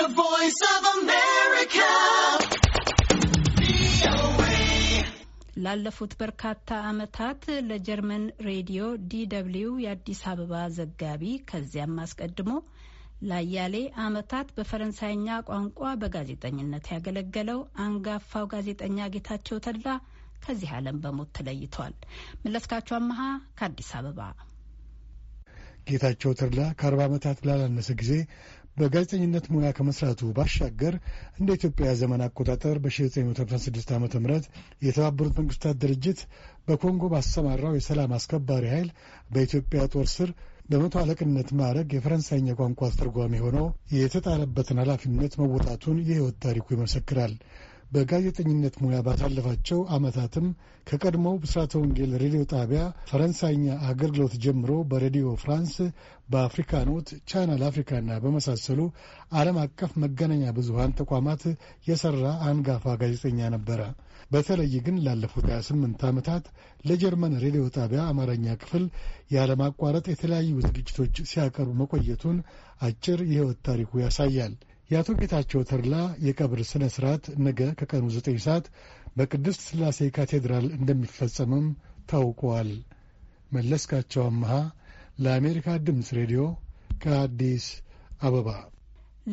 The Voice of America. ላለፉት በርካታ ዓመታት ለጀርመን ሬዲዮ ዲደብሊው የአዲስ አበባ ዘጋቢ ከዚያም አስቀድሞ ለአያሌ ዓመታት በፈረንሳይኛ ቋንቋ በጋዜጠኝነት ያገለገለው አንጋፋው ጋዜጠኛ ጌታቸው ተድላ ከዚህ ዓለም በሞት ተለይቷል። መለስካቸው አመሃ ከአዲስ አበባ ጌታቸው ተድላ ከአርባ ዓመታት ላላነሰ ጊዜ በጋዜጠኝነት ሙያ ከመስራቱ ባሻገር እንደ ኢትዮጵያ ዘመን አቆጣጠር በ1956 ዓ ም የተባበሩት መንግስታት ድርጅት በኮንጎ ባሰማራው የሰላም አስከባሪ ኃይል በኢትዮጵያ ጦር ስር በመቶ አለቅነት ማዕረግ የፈረንሳይኛ ቋንቋ አስተርጓሚ ሆነው የተጣለበትን ኃላፊነት መወጣቱን የሕይወት ታሪኩ ይመሰክራል። በጋዜጠኝነት ሙያ ባሳለፋቸው ዓመታትም ከቀድሞው ብስራተ ወንጌል ሬዲዮ ጣቢያ ፈረንሳይኛ አገልግሎት ጀምሮ በሬዲዮ ፍራንስ፣ በአፍሪካ ኖት፣ ቻናል አፍሪካና በመሳሰሉ ዓለም አቀፍ መገናኛ ብዙሃን ተቋማት የሠራ አንጋፋ ጋዜጠኛ ነበረ። በተለይ ግን ላለፉት 28 ዓመታት ለጀርመን ሬዲዮ ጣቢያ አማርኛ ክፍል ያለማቋረጥ የተለያዩ ዝግጅቶች ሲያቀርቡ መቆየቱን አጭር የሕይወት ታሪኩ ያሳያል። የአቶ ጌታቸው ተድላ የቀብር ስነ ስርዓት ነገ ከቀኑ ዘጠኝ ሰዓት በቅድስት ስላሴ ካቴድራል እንደሚፈጸምም ታውቋል። መለስካቸው አመሃ ለአሜሪካ ድምፅ ሬዲዮ ከአዲስ አበባ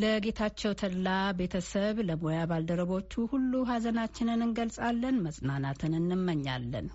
ለጌታቸው ተድላ ቤተሰብ፣ ለሙያ ባልደረቦቹ ሁሉ ሀዘናችንን እንገልጻለን፣ መጽናናትን እንመኛለን።